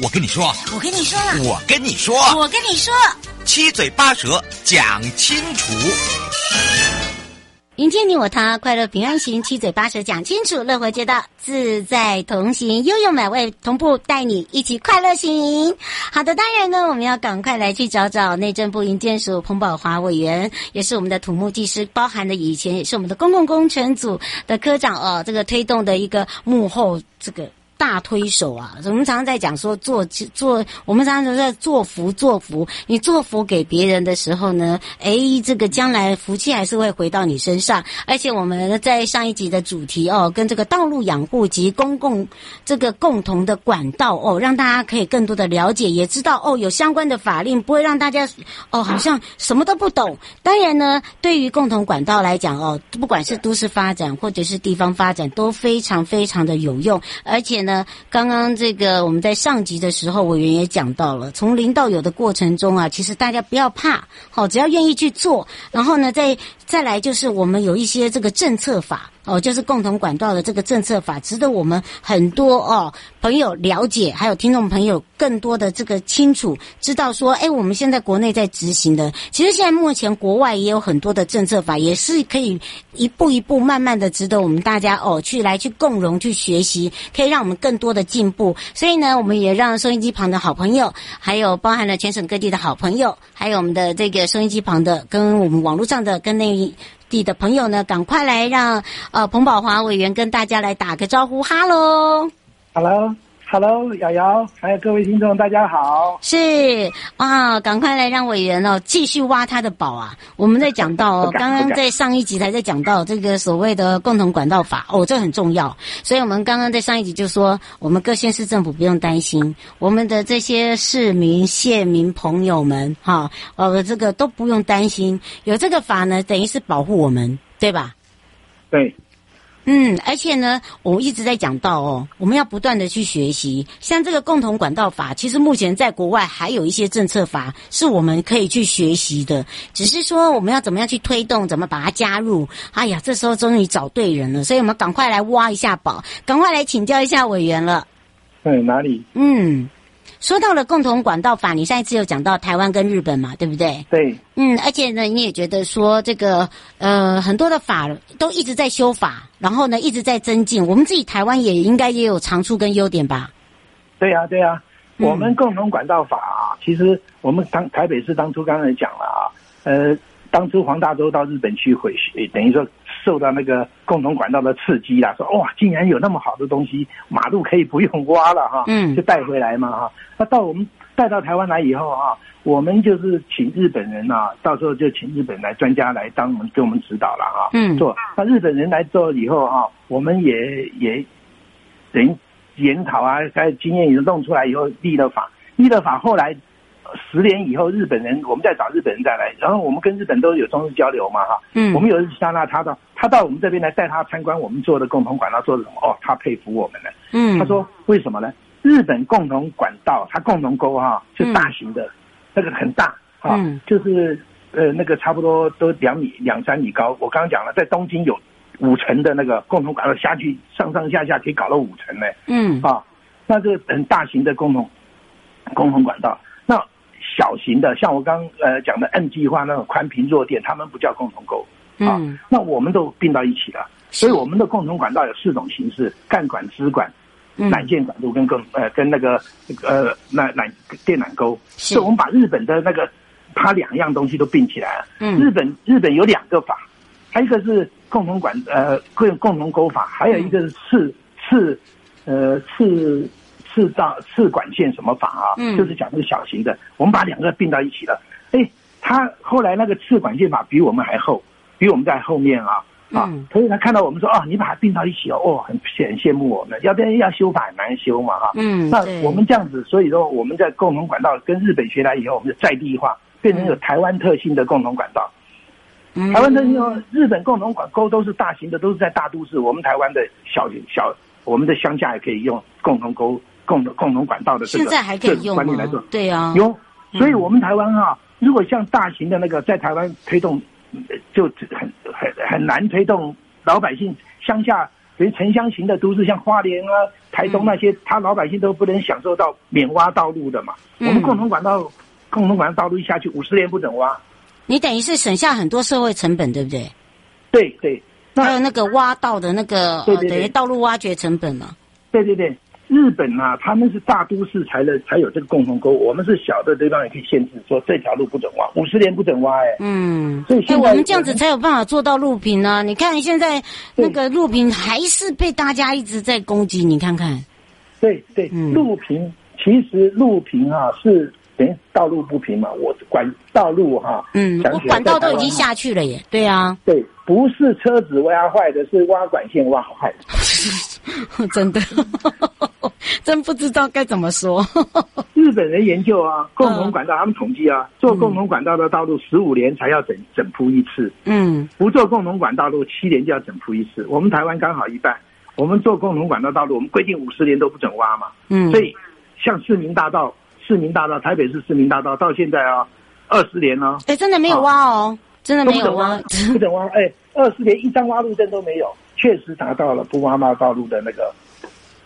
我跟你說，我跟你說了，我跟你說，我跟你說，七嘴八舌講清楚。營你我他，快樂平安行，七嘴八舌講清楚，樂活街道自在同行，悠悠美味同步帶你一起快樂行。好的，當然呢，我們要趕快來去找找內政部營建署彭保華委員，也是我們的土木技師，包含的以前也是我們的公共工程組的科長哦，這個推動的一個幕後這個。大推手啊！我們常常在講說做做，我們常常在做福做福。你做福給別人的時候呢，哎，這個將來福氣還是會回到你身上。而且我們在上一集的主題哦，跟這個道路養護及公共這個共同的管道哦，讓大家可以更多的了解，也知道哦有相關的法令，不會讓大家哦好像什麼都不懂。當然呢，對於共同管道來講哦，不管是都市發展或者是地方發展都非常非常的有用，而且呢。那剛剛這個我們在上集的時候，委員也講到了，從零到有的過程中啊，其實大家不要怕，好，只要願意去做，然後呢，再再來就是我們有一些這個政策法。哦，就是共同管道的這個政策法，值得我們很多哦朋友了解，還有聽眾朋友更多的這個清楚，知道說，誒，我們現在國內在執行的，其實現在目前國外也有很多的政策法，也是可以一步一步慢慢的，值得我們大家哦去來去共融去學習，可以讓我們更多的進步。所以呢，我們也讓收音機旁的好朋友，還有包含了全省各地的好朋友，還有我們的這個收音機旁的，跟我們網絡上的跟那。地的朋友呢，趕快來讓呃彭寶華委員跟大家來打個招呼，哈嘍，哈嘍。Hello，瑤瑤，還有各位聽眾，大家好！是啊、哦，趕快來讓委員哦繼續挖他的寶啊！我們在講到哦，剛剛在上一集才在講到這個所謂的共同管道法哦，這很重要。所以我們剛剛在上一集就說，我們各縣市政府不用擔心，我們的這些市民、縣民朋友們哈，呃、哦，這個都不用擔心。有這個法呢，等於是保護我們，對吧？對。嗯，而且呢，我一直在講到哦，我們要不斷的去學習。像這個共同管道法，其實目前在國外還有一些政策法是我們可以去學習的，只是說我們要怎麼樣去推動，怎麼把它加入。哎呀，這時候終於找對人了，所以我們趕快來挖一下寶，趕快來請教一下委員了。嗯，哪裡？嗯。說到了共同管道法，你上一次有講到台灣跟日本嘛，對不對？對，嗯，而且呢，你也覺得說這個呃，很多的法都一直在修法，然後呢，一直在增進，我們自己台灣也應該也有長處跟優點吧？對呀、啊，對呀、啊，我們共同管道法啊，嗯，其實我們當台北市當初剛剛才講了啊，呃。當初黃大洲到日本去回，會等於說受到那個共同管道的刺激啦，說哇，竟然有那麼好的東西，馬路可以不用挖了哈，嗯、啊，就帶回來嘛哈。那、啊、到我們帶到台灣來以後啊，我們就是請日本人啊，到時候就請日本來專家來當我們給我們指導了啊，嗯，做。那、啊、日本人來做以後啊，我們也也，等於研討啊，該經驗也弄出來以後，立了法，立了法後來。十年以後，日本人我們再找日本人再來，然後我們跟日本都有中日交流嘛哈，嗯，我們有日山那，他到他到我們這邊來帶他參觀我們做的共同管道，做的什麼哦，他佩服我們了，嗯，他說為什麼呢？日本共同管道，它共同溝哈、啊、是大型的、嗯，那個很大，嗯、啊，就是呃那個差不多都兩米兩三米高，我剛剛講了，在東京有五層的那個共同管道下去上上下下可以搞到五層呢、啊。嗯，啊，那是、個、很大型的共同共同管道。小型的，像我剛呃講的 N 計劃那種寬頻弱電，他們不叫共同溝啊、嗯。那我們都併到一起了，所以我們的共同管道有四種形式：幹管、支管、纜、嗯、線管道跟呃跟那個呃纜纜電纜溝。是所以我們把日本的那個它兩樣東西都併起來了。嗯、日本日本有兩個法，它一個是共同管呃共共同溝法，還有一個是是、嗯、呃是。次赤道赤管線什麼法啊、嗯？就是講那個小型的，我們把兩個併到一起了。哎，他後來那個赤管線法比我們還厚，比我們在後面啊、嗯、啊。所以他看到我們說啊、哦，你把它併到一起哦，很很羨慕我們。要不然要修法很難修嘛哈、啊。嗯，那我們這樣子，所以說我們在共同管道跟日本學來以後，我們就在地化，變成有台灣特性的共同管道。嗯、台灣特性，日本共同管溝都是大型的，都是在大都市。我們台灣的小小，小我們的鄉下也可以用共同溝。共共同管道的這個現在還可以用這管、個、理來做，對呀、啊，有，所以我們台灣哈、啊嗯，如果像大型的那個在台灣推動，就很很很難推動老百姓鄉下，連城鄉型的都市，像花蓮啊、台東那些，他、嗯、老百姓都不能享受到免挖道路的嘛。嗯、我們共同管道，共同管道，道路一下去，五十年不准挖。你等於是省下很多社會成本，對不對？對對，還有、那個、那個挖道的那個對對對對、呃，等於道路挖掘成本嘛。對對對，對。日本啊，他們是大都市才能才有這個共同溝，我們是小的地方也可以限制，說，這條路不准挖，五十年不准挖、欸，哎，嗯，所以現在我們，我們這樣子才有辦法做到路平呢、啊。你看現在那個路平還是被大家一直在攻擊，你看看。對對，路平、嗯、其實路平啊是，哎、欸，道路不平嘛，我管道路哈、啊。嗯，我管道都已經下去了耶。對啊。對，不是車子挖壞的，是挖管線挖壞的。 真的，真不知道該怎麼說。 日本人研究啊，共同管道，他們統計啊，做共同管道的道路十五年才要整整鋪一次。嗯，不做共同管道路七年就要整鋪一次。我們台灣剛好一半，我們做共同管道道路，我們規定五十年都不准挖嘛。嗯，所以像市民大道、市民大道、台北市市民大道，到現在啊，二十年了、啊。哎、欸，真的沒有挖哦，哦真的沒有挖，整啊、不准挖。哎、欸，二十年一張挖路證都沒有。確實達到了不挖馬路的那個，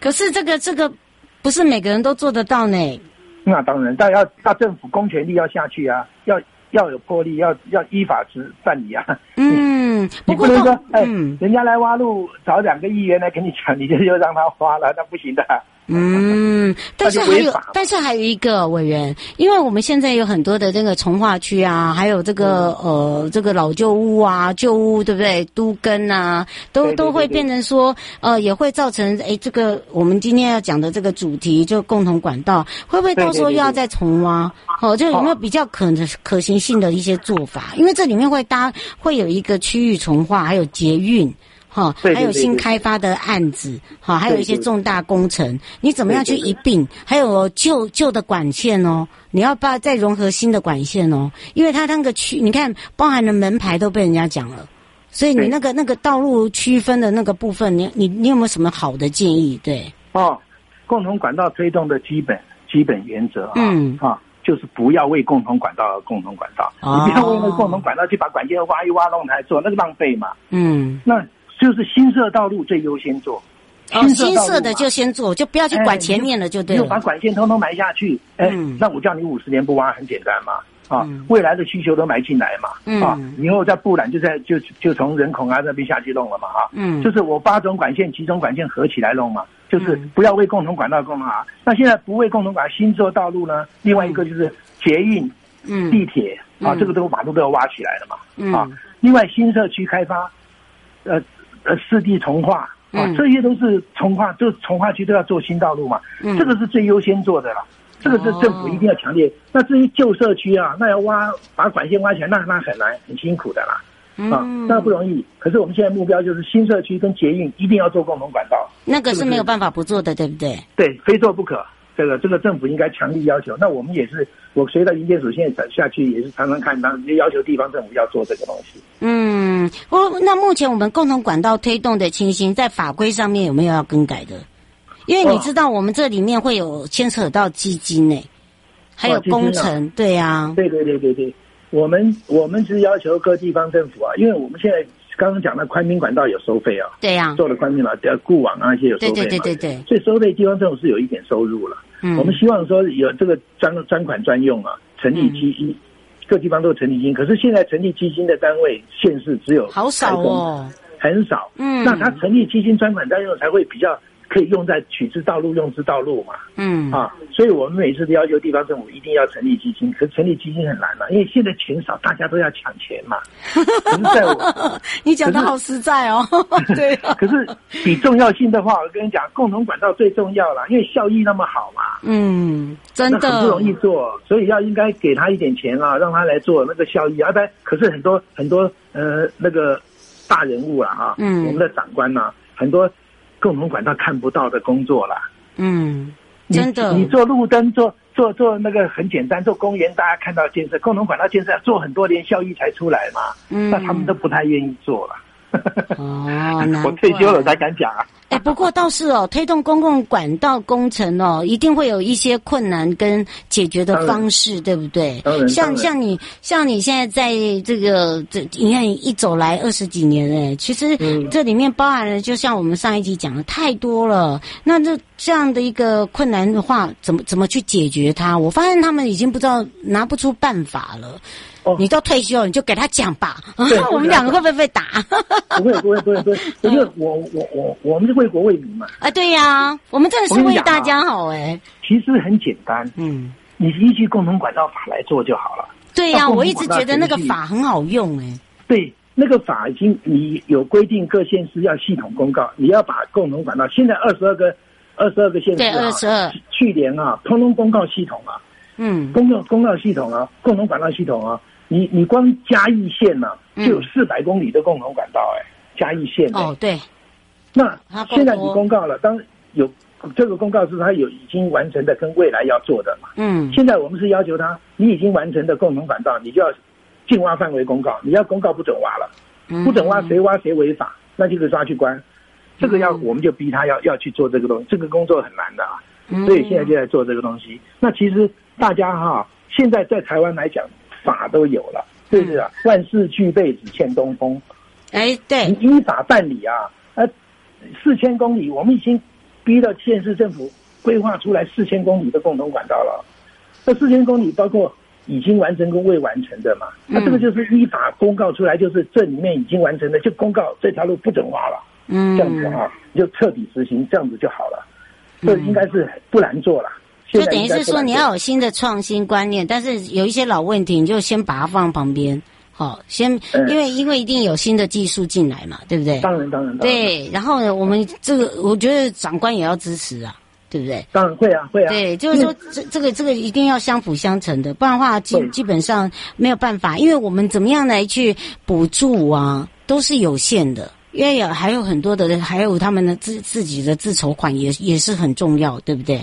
可是這個這個，不是每個人都做得到呢。那當然，但要到政府公權力要下去啊，要要有魄力，要要依法執辦理啊。嗯，你,你不能說哎、欸嗯，人家來挖路，找兩個議員來跟你講你就又讓他挖了，那不行的啊。嗯，但是還有，但是還有一個委員，因為我們現在有很多的這個重劃區啊，還有這個、嗯、呃這個老舊屋啊、舊屋，對不對？都跟啊，都都會變成說對對對對，呃，也會造成哎、欸，這個我們今天要講的這個主題就共同管道，會不會到時候又要再重挖？哦，就有沒有比較可能可行性的一些做法、哦？因為這裡面會搭，會有一個區域重劃，還有捷運。哈、哦，還有新開發的案子，哈、哦，還有一些重大工程，對對對對，你怎麼樣去一併？還有舊舊的管線哦，你要把再融合新的管線哦，因為它那個區，你看包含的門牌都被人家講了，所以你那個那個道路區分的那個部分，你你你有沒有什麼好的建議？對哦，共同管道推動的基本基本原則、啊，嗯，啊、哦，就是不要為共同管道而共同管道，哦、你不要為了共同管道去把管線挖一挖弄來做，那個浪費嘛，嗯，那。就是新設道路最優先做，新設的就先做，就不要去管前面了，就對。把管線通通埋下去，哎，那我叫你五十年不挖，很簡單嘛。啊，未來的需求都埋進來嘛。啊，以後再布纜，就在就就從人孔啊那邊下去弄了嘛。嗯，就是我八種管線、集中管線合起來弄嘛，就是不要為共同管道工啊。那現在不為共同管道新設道路呢？另外一個就是捷運、嗯地鐵啊，這個都馬路都要挖起來了嘛。啊，另外新社區開發，呃。呃，市地重劃啊、嗯，這些都是重劃，就重劃區都要做新道路嘛，嗯、這個是最優先做的啦，這個是政府一定要強烈、哦。那至於舊社區啊，那要挖把管線挖起來，那那很難，很辛苦的啦、嗯，啊，那不容易。可是我們現在目標就是新社區跟捷運一定要做共同管道，那個是沒有辦法不做的，對不對？對，非做不可。這個這個政府應該強力要求。那我們也是，我隨着營建署現在下去也是常常看，也要求地方政府要做這個東西。嗯，哦，那目前我們共同管道推動的情形在法規上面有沒有要更改的？因為你知道我們這裡面會有牽扯到基金呢、哦，還有工程，對、啊、呀、啊。對、啊、對對對對，我們我們是要求各地方政府啊，因為我們現在剛剛講的寬頻管道有收費啊，對呀、啊，做了寬頻管道、固網那些有收費對，對對對對對，所以收費地方政府是有一點收入了。嗯，我們希望說有這個專專款專用啊，成立基金，嗯，各地方都有成立基金，可是現在成立基金的單位、縣市只有好少哦，很少。嗯，那它成立基金專款專用才會比較。可以用在取之道路用之道路嘛？嗯啊，所以我們每次都要求地方政府一定要成立基金，可是成立基金很難嘛、啊，因為現在錢少，大家都要搶錢嘛。是在我 是，你講的好實在哦。對， 可是比重要性的話，我跟你講，共同管道最重要了，因為效益那麼好嘛。嗯，真的很不容易做，所以要應該給他一點錢啊，讓他來做那個效益。而、啊、他可是很多很多呃那個大人物了啊、嗯，我們的長官吶、啊，很多。共同管道看不到的工作了，嗯，真的，你，你做路燈，做做做那個很簡單，做公園大家看到建設，共同管道建設要做很多年效益才出來嘛，嗯，那他們都不太願意做了。哦難，我退休了才敢講啊！哎，不過倒是哦，推動公共管道工程哦，一定會有一些困難跟解決的方式，對不對？像像你，像你現在在這個這，你看你一走來二十幾年嘞，其實這裡面包含了，就像我們上一集講的太多了。那這這樣的一個困難的話，怎麼怎麼去解決它？我發現他們已經不知道拿不出辦法了。哦，你到退休你就給他講吧。對， 我們兩個會不會被打？ 不會，不會，不會，不會。 我就我我我，我們是為國為民嘛。啊，對呀、啊，我們真的是為、啊、大家好哎、欸。其實很簡單，嗯，你依據共同管道法來做就好了。對呀、啊，我一直覺得那個法很好用哎、欸。對，那個法已經你有規定各縣市要系統公告，你要把共同管道。現在二十二個，二十二個縣市、啊、對，二十二。去年啊，通通公告系統啊，嗯，公告公告系統啊，共同管道系統啊。你你光嘉義線呢、啊、就有四百公里的共同管道哎、欸，嘉、嗯、義線、欸、哦對，那現在你公告了，當有這個公告是他有已經完成的跟未來要做的嘛。嗯，現在我們是要求他，你已經完成的共同管道你就要禁挖範圍公告，你要公告不准挖了，嗯、不准挖誰挖，誰，挖誰違法，那就是抓去關，嗯、這個要我們就逼他要要去做這個東西，這個工作很難的啊，嗯、所以現在就在做這個東西。嗯、那其實大家哈、啊，現在在台灣來講。法都有了，對、就、不、是、啊？萬事俱備，只欠東風。嗯、哎，對，你依法辦理啊！呃，四千公里，我們已經逼到縣市政府規劃出來四千公里的共同管道了。這四千公里包括已經完成跟未完成的嘛？那、嗯啊、這個就是依法公告出來，就是這裡面已經完成的，就公告這條路不准挖了。嗯，這樣子啊，你就徹底執行，這樣子就好了。這應該是不難做了。嗯嗯就等於是說，你要有新的創新觀念，但是有一些老問題，你就先把它放旁邊，好，先，因為因為一定有新的技術進來嘛，對不對？當然當然，當然。對，然後呢，我們這個，我覺得長官也要支持啊，對不對？當然會啊會啊。對，就是說這、嗯、這個、這個、這個一定要相輔相成的，不然的話，基基本上沒有辦法，因為我們怎麼樣來去補助啊，都是有限的，因為有還有很多的，還有他們的自自己的自籌款也也是很重要，對不對？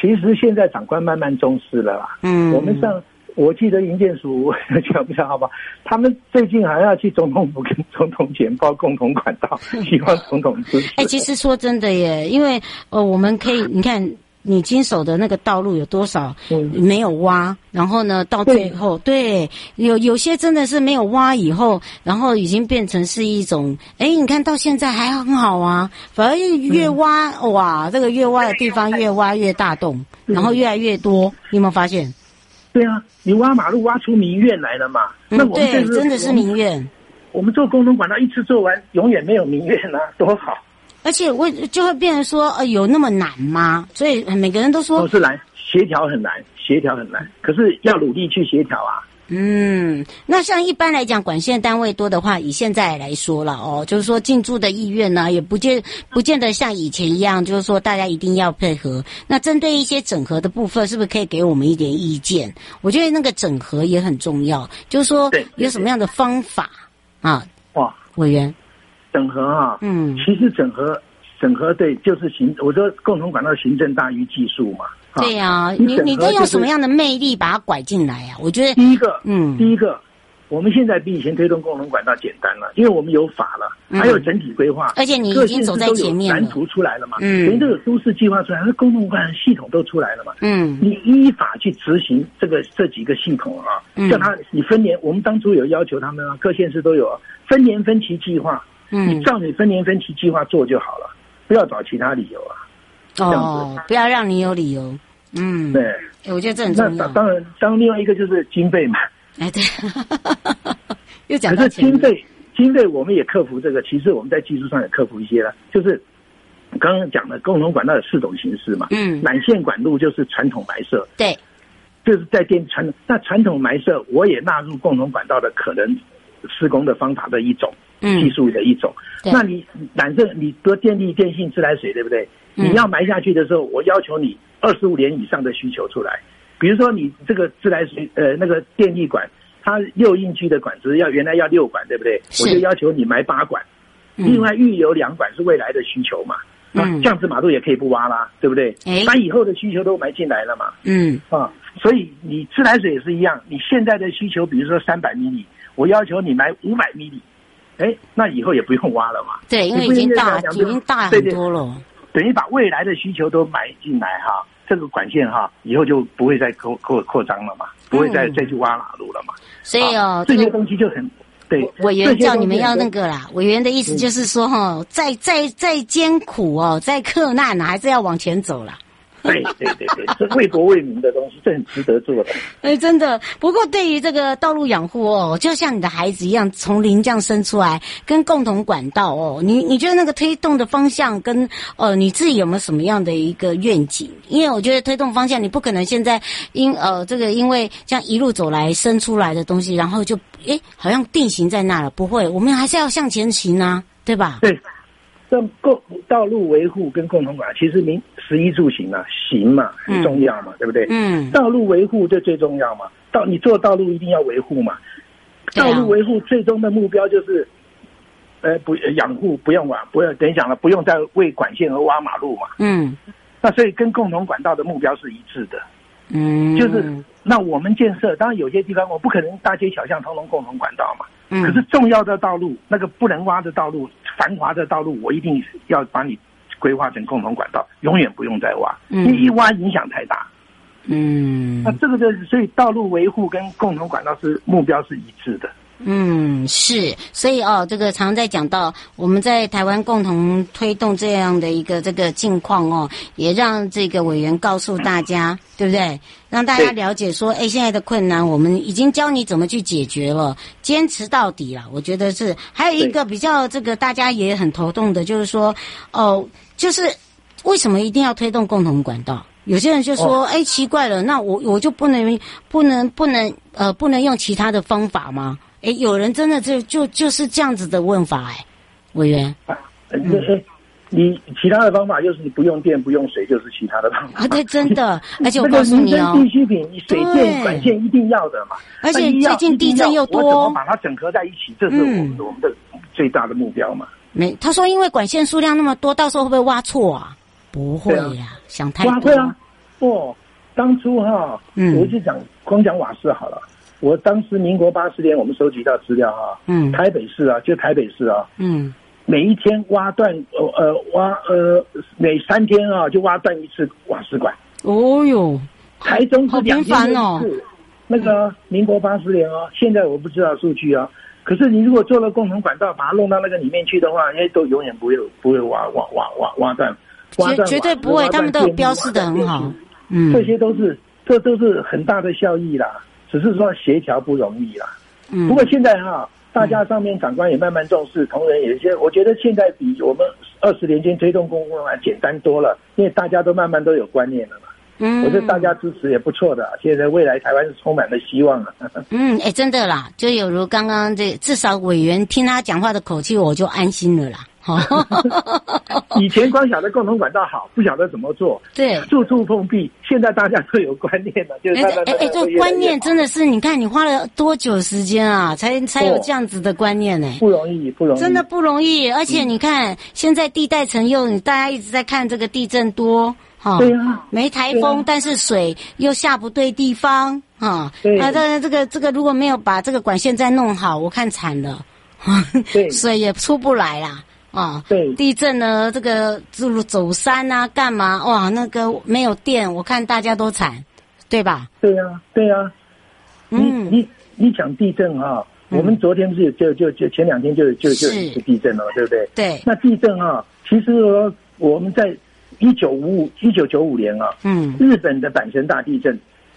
其實現在長官慢慢重視了啦。嗯，我們上我記得營建署講一下好不好？他們最近還要去總統府跟總統簡報共同管道，希望總統支持。哎、嗯，欸，其實說真的耶，因為呃，我們可以你看。啊你經手的那個道路有多少沒有挖？然後呢，到最後，對，對，有有些真的是沒有挖，以後然後已經變成是一種，哎，你看到現在還很好啊，反而越挖，嗯、哇，這個越挖的地方越挖越大洞，然後越來越多，你有沒有發現？對啊，你挖馬路挖出民怨來了嘛？那我們這、嗯、對真的是民怨。我們，我們做共同管道一次做完，永遠沒有民怨了，啊，多好。而且我就會變成說，呃，有那麼難嗎？所以每個人都說都是難，協調很難，協調很難。可是要努力去協調啊。嗯，那像一般來講，管線單位多的話，以現在來說了哦，就是說進駐的意願呢，也不見不見得像以前一樣，就是說大家一定要配合。那針對一些整合的部分，是不是可以給我們一點意見？我覺得那個整合也很重要，就是說有什麼樣的方法啊？哇，委員。整合哈、啊，嗯，其實整合，整合對，就是行。我說共同管道行政大於技術嘛。對呀、啊啊，你、就是、你都用什麼樣的魅力把它拐進來呀、啊？我覺得第一個，嗯，第一個，我們現在比以前推動共同管道簡單了，因為我們有法了，還有整體規劃。而且你各縣市都有藍圖出來了嘛，連這個都市計劃出來，那共同管道系統都出來了嘛。嗯，你依法去執行這個這幾個系統啊，叫、嗯、他你分年，我們當初有要求他們啊，各縣市都有分年分期計劃。你照你分年分期計劃做就好了，不要找其他理由啊，這樣子、哦、不要讓你有理由。嗯，對，我覺得這很重要。那當然，當另外一個就是經費嘛。哎，對， 又講到經費。經費，經費，我們也克服這個。其實我們在技術上也克服一些了。就是剛剛講的共同管道有四種形式嘛。嗯，纜線管路就是傳統埋設。對，就是在電傳。那傳統埋設，我也納入共同管道的可能施工的方法的一種。技術的一種，嗯、那你反正你得電力、電信、自來水，對不對，嗯？你要埋下去的時候，我要求你二十五年以上的需求出來。比如說你這個自來水呃那個電力管，它六英寸的管子要原來要六管，對不對？我就要求你埋八管，嗯，另外預留兩管是未來的需求嘛。嗯。這樣子馬路也可以不挖啦，對不對？哎。把以後的需求都埋進來了嘛。嗯。啊，所以你自來水也是一樣，你現在的需求，比如說三百米，我要求你埋五百米。哎，那以後也不用挖了嘛。對，因為已經大，已經大很多了對對。等於把未來的需求都埋進來哈，這個管線哈，以後就不會再擴擴擴張了嘛，嗯、不會再再去挖馬路了嘛。所以哦，啊這個、這些東西就很對。委員叫你們要那個啦，委員的意思就是說哈，再再再艱苦哦，再克難、啊、還是要往前走了。 對對對對，是為國為民的東西，這很值得做的。哎、 欸，真的。不過對於這個道路養護哦，就像你的孩子一樣，從零這樣生出來，跟共同管道哦，你你覺得那個推動的方向跟呃，你自己有沒有什麼樣的一個願景？因為我覺得推動方向，你不可能現在因呃這個因為這樣一路走來生出來的東西，然後就哎、欸、好像定型在那了。不會，我們還是要向前行啊，對吧？對。這共道路維護跟共同管道，其實民食衣住行嘛、啊，行嘛很重要嘛，嗯、對不對？嗯，道路維護這最重要嘛，道你做道路一定要維護嘛。道路維護最終的目標就是，呃，不養護不用管，不用不等一下了，不用再為管線而挖馬路嘛。嗯，那所以跟共同管道的目標是一致的。嗯，就是那我們建設，當然有些地方我不可能大街小巷通通共同管道嘛。嗯，可是重要的道路，那個不能挖的道路，繁華的道路，我一定要把你規劃成共同管道，永遠不用再挖。嗯，你一挖影響太大。嗯，那這個就是，所以道路維護跟共同管道是目標是一致的。嗯是，所以哦，這個常在講到我們在台灣共同推動這樣的一個這個境況哦，也讓這個委員告訴大家、嗯，對不對？讓大家了解說，哎、欸，現在的困難，我們已經教你怎麼去解決了，堅持到底了。我覺得是還有一個比較這個大家也很頭痛的，就是說，哦、呃，就是為什麼一定要推動共同管道？有些人就說，哎、欸，奇怪了，那我我就不能不能不能呃不能用其他的方法嗎？哎，有人真的就就就是這樣子的問法哎，委員。就是、啊、呃嗯、你其他的方法就是你不用電不用水就是其他的辦法、啊。對，真的，而且我告訴你哦，必需品，你水電管線一定要的嘛。啊、而且最近地震又多，我怎麼把它整合在一起？這是我們我們的、嗯、最大的目標嘛。沒，他說因為管線數量那麼多，到時候會不會挖錯啊？不會呀、啊，想太多。對啊。不、哦，當初哈、哦嗯，我就講光講瓦斯好了。我當時民國八十年，我們收集到資料哈、嗯，台北市啊，就台北市啊，嗯，每一天挖斷，呃挖呃挖呃每三天啊就挖斷一次瓦斯管。哦喲，台中是兩天好，好頻繁哦，一次那個、啊嗯、民國八十年啊，哦，現在我不知道數據啊。可是你如果做了共同管道，把它弄到那個裡面去的話，因為都永遠不會不會挖挖挖挖挖斷絕，絕對不會，他們都有標示的很好，嗯，這些都是這都是很大的效益啦。只是說協調不容易啦、啊，嗯。不過現在哈、啊，大家上面長官也慢慢重視，嗯、同仁也有些，我覺得現在比我們二十年間推動公共部簡單多了，因為大家都慢慢都有觀念了嘛。嗯，我覺得大家支持也不錯的、啊，現在未來台灣是充滿了希望了、啊。嗯，哎、欸，真的啦，就有如剛剛這，至少委員聽他講話的口氣，我就安心了啦。 以前光曉得共同管道好，不曉得怎麼做，對，處處碰壁。現在大家都有觀念了，就是哎哎，這、欸欸、觀念真的是，你看你花了多久時間啊，才才有這樣子的觀念呢、欸哦？不容易，不容易，真的不容易。而且你看，嗯、現在地帶層又你大家一直在看這個地震多，哈、哦，對啊，沒颱風、啊，但是水又下不對地方啊、哦。對啊，這個這個如果沒有把這個管線再弄好，我看慘了， 對，水也出不來啦。啊，對，地震呢，這個是走山啊，幹嘛？哇，那個沒有電，我看大家都慘，對吧？對呀、啊，對呀、啊。嗯，你你講地震哈、啊嗯，我們昨天不是就就就前兩天就就就有一次地震了、啊，對不對？對。那地震哈、啊，其實說我們在一九五五、一九九五年啊，嗯，日本的阪神大地震，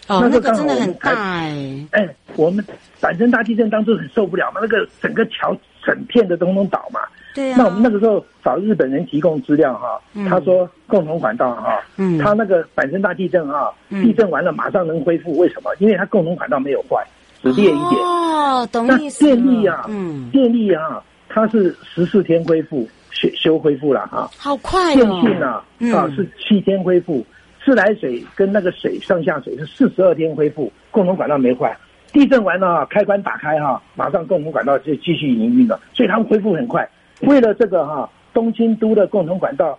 哦，那、那個真的很大哎、欸欸。我們阪神大地震當時很受不了嘛，那個整個橋整片的通通倒嘛。對，那我們那個時候找日本人提供資料哈、啊嗯，他說共同管道哈、啊，他、嗯、那個阪神大地震哈、啊嗯，地震完了馬上能恢復，為什麼？因為它共同管道沒有壞，只裂一點。哦，懂意思了。那電力啊，嗯，電力啊，力啊它是十四天恢復修修恢復了哈、啊。好快、哦、電信啊、嗯、啊是七天恢復，自來水跟那個水上下水是四十二天恢復，共同管道沒壞，地震完了、啊、開關打開哈、啊，馬上共同管道就繼續營運了，所以他們恢復很快。為了這個哈、啊，東京都的共同管道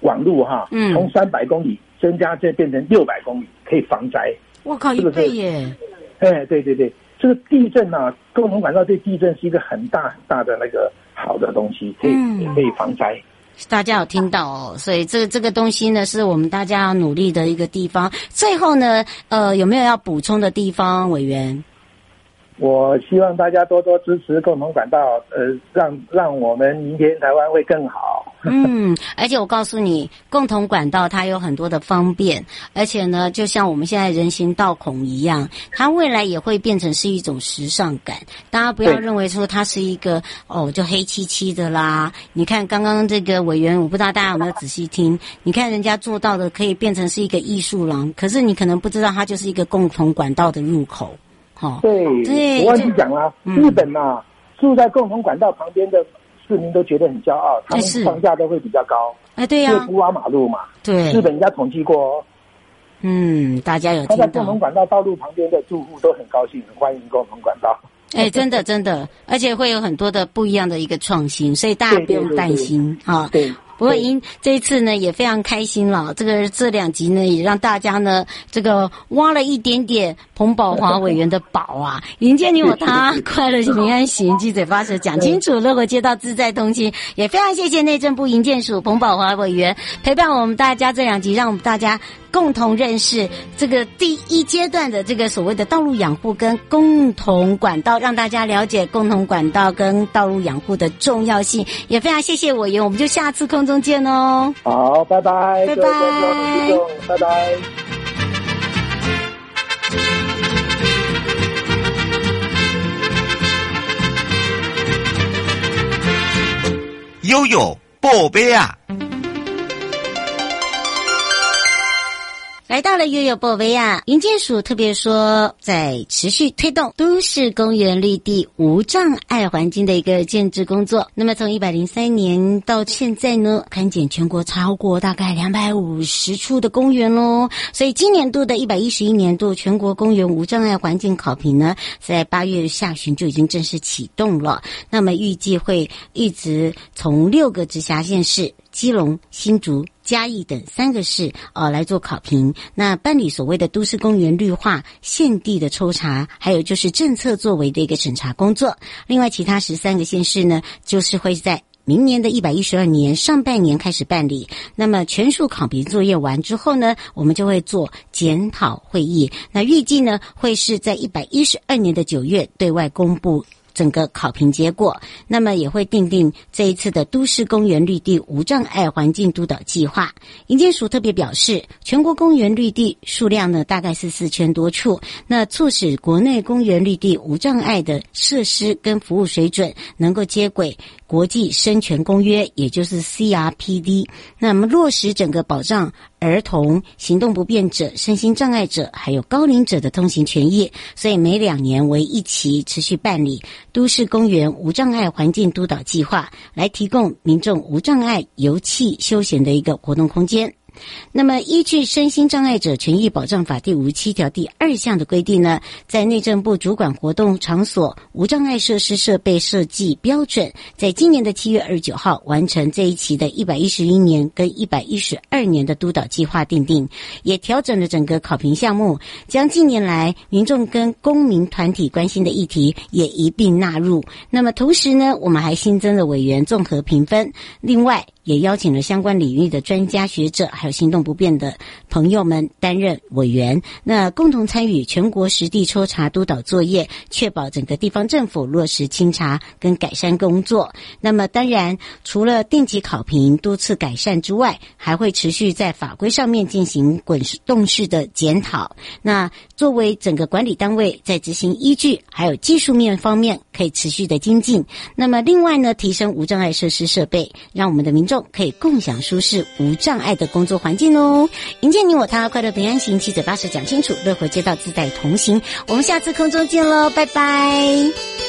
網路哈、啊嗯，從三百公里增加，這變成六百公里，可以防災。我靠、這個，一倍耶！哎，對對對，這個地震啊，共同管道對地震是一個很大很大的那個好的東西，可以、嗯、可以防災。大家有聽到哦，所以這這個東西呢，是我們大家要努力的一個地方。最後呢，呃，有沒有要補充的地方，委員？我希望大家多多支持共同管道，呃，讓讓我們明天台灣會更好。嗯，而且我告訴你，共同管道它有很多的方便，而且呢，就像我們現在人行道孔一樣，它未來也會變成是一種時尚感。大家不要認為說它是一個哦，就黑漆漆的啦。你看剛剛這個委員，我不知道大家有沒有仔細聽。你看人家做到的可以變成是一個藝術廊，可是你可能不知道它就是一個共同管道的入口。對，我忘記講了、啊嗯。日本嘛、啊，住在共同管道旁邊的市民都覺得很驕傲，他們房價都會比較高。哎，是哎對呀、啊，不挖馬路嘛。對，日本人家統計過。哦。嗯，大家有聽到他在共同管道道路旁邊的住戶都很高興，很歡迎共同管道。哎，真的真的，而且會有很多的不一樣的一個創新，所以大家不用擔心對對對對啊。對不過，因這一次呢也非常開心了。這個這兩集呢，也讓大家呢這個挖了一點點彭保華委員的寶啊。營建你我他、 快樂平 安行、雞嘴巴舌講清楚、樂活街道自在同行。也非常謝謝內政部營建署彭保華委員陪伴我們大家這兩集，讓我們大家共同認識這個第一階段的這個所謂的道路養護跟共同管道，讓大家了解共同管道跟道路養護的重要性。也非常謝謝委員，我們就下次空中見哦，好，拜拜，拜拜，拜拜，拜拜，悠悠寶貝啊。來到了約約波維亞，營建署特別說，在持續推動都市公園綠地無障礙環境的一個建置工作。那麼從一百零三年到現在呢，勘檢全國超過大概兩百五十處的公園咯，所以今年度的一百一十一年度全國公園無障礙環境考評呢，在八月下旬就已經正式啟動了。那麼預計會一直從六個直轄縣市、基隆、新竹。嘉義等三個市啊、哦、來做考評，那辦理所謂的都市公園綠化現地的抽查，還有就是政策作為的一個審查工作。另外，其他十三個縣市呢，就是會在明年的一百一十二年上半年開始辦理。那麼，全數考評作業完之後呢，我們就會做檢討會議。那預計呢，會是在一百一十二年的九月對外公布。整個考評結果，那麼也會訂定這一次的都市公園綠地無障礙環境督導計劃。營建署特別表示，全國公園綠地數量呢，大概是四千多處，那促使國內公園綠地無障礙的設施跟服務水準能夠接軌國際身權公約，也就是 CRPD。那麼落實整個保障。兒童、行動不便者、身心障礙者，還有高齡者的通行權益。所以每兩年為一期，持續辦理都市公園無障礙環境督導計劃，來提供民眾無障礙遊憩休閒的一個活動空間。那麼，依據《身心障礙者權益保障法》第五十七條第二項的規定呢，在內政部主管活動場所無障礙設施設備設計標準，在今年的七月二十九號完成這一期的一百一十一年跟一百一十二年的督導計劃訂定，也調整了整個考評項目，將近年來民眾跟公民團體關心的議題也一併納入。那麼，同時呢，我們還新增了委員綜合評分。另外，也邀請了相關領域的專家學者，還有行動不便的朋友們擔任委員，那共同參與全國實地抽查督導作業，確保整個地方政府落實清查跟改善工作。那麼當然，除了定期考評、多次改善之外，還會持續在法規上面進行滾動式的檢討。那作為整個管理單位，在執行依據還有技術面方面，可以持續的精進。那麼另外呢，提升無障礙設施設備，讓我們的民眾。可以共享舒適無障礙的工作環境哦！迎接你我他，快樂平安行，七嘴八舌講清楚，樂活街道自在同行。我們下次空中見嘍，拜拜。